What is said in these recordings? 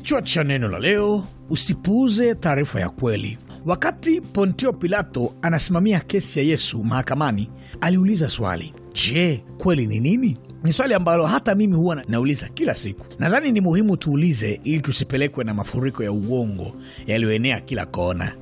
Kichwa cha neno la leo: usipuuze taarifa ya kweli. Wakati Pontio Pilato anasimamia kesi ya Yesu mahakamani, aliuliza swali, je, kweli ni nini? Ni swali ambalo hata mimi huwa nauliza kila siku. Nadhani ni muhimu tuulize, ili tusipelekwe na mafuriko ya uongo yaliyoenea kila kona.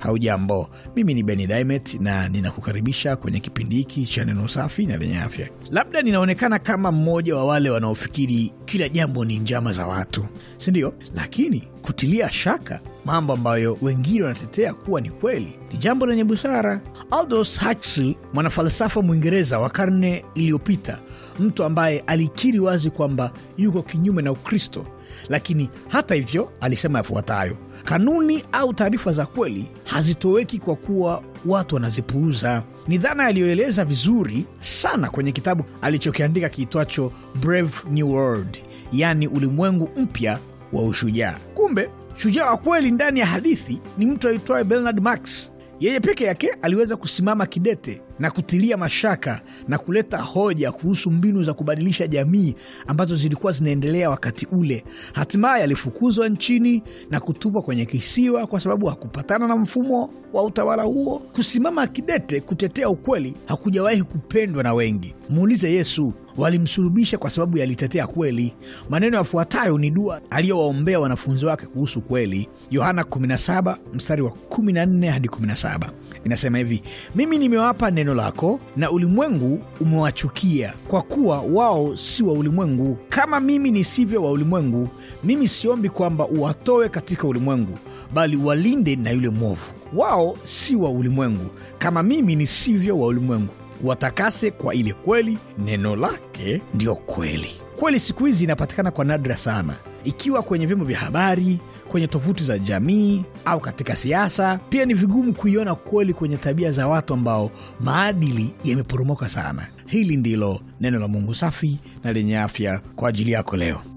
Haujambo, mimi ni Beni Dimet na ninakukaribisha kwenye kipindi hiki cha neno safi na lenye afya. Labda ninaonekana kama mmoja wa wale wanaofikiri kila jambo ni njama za watu, si ndio? Lakini kutilia shaka mambo ambayo wengine wanatetea kuwa ni kweli ni jambo lenye busara. Aldous Huxley, mwanafalsafa Mwingereza wa karne iliyopita, mtu ambaye alikiri wazi kwamba yuko kinyume na Ukristo, lakini hata hivyo alisema yafuatayo: kanuni au taarifa za kweli hazitoweki kwa kuwa watu wanazipuuza. Ni dhana aliyoeleza vizuri sana kwenye kitabu alichokiandika kiitwacho Brave New World, yaani ulimwengu mpya wa ushujaa. Kumbe Shujaa wa kweli ndani ya hadithi ni mtu aitwaye Bernard Marx. Yeye peke yake aliweza kusimama kidete na kutilia mashaka na kuleta hoja kuhusu mbinu za kubadilisha jamii ambazo zilikuwa zinaendelea wakati ule. Hatimaye alifukuzwa nchini na kutupwa kwenye kisiwa kwa sababu hakupatana na mfumo wa utawala huo. Kusimama kidete kutetea ukweli hakujawahi kupendwa na wengi. Muulize Yesu, walimsulubisha kwa sababu yalitetea kweli. Maneno yafuatayo ni dua aliyowaombea wanafunzi wake kuhusu kweli, Yohana 17 mstari wa 14 hadi 17. Inasema hivi: mimi nimewapa neno lako, na ulimwengu umewachukia, kwa kuwa wao si wa ulimwengu kama mimi nisivyo wa ulimwengu. Mimi siombi kwamba uwatoe katika ulimwengu, bali walinde na yule mwovu. Wao si wa ulimwengu kama mimi nisivyo wa ulimwengu watakase kwa ile kweli, neno lake ndiyo kweli. Kweli siku hizi inapatikana kwa nadra sana, ikiwa kwenye vyombo vya habari, kwenye tovuti za jamii au katika siasa. Pia ni vigumu kuiona kweli kwenye tabia za watu ambao maadili yameporomoka sana. Hili ndilo neno la Mungu safi na lenye afya kwa ajili yako leo.